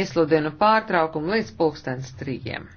iesludinu pārtraukumu līdz pulkstens trījiem.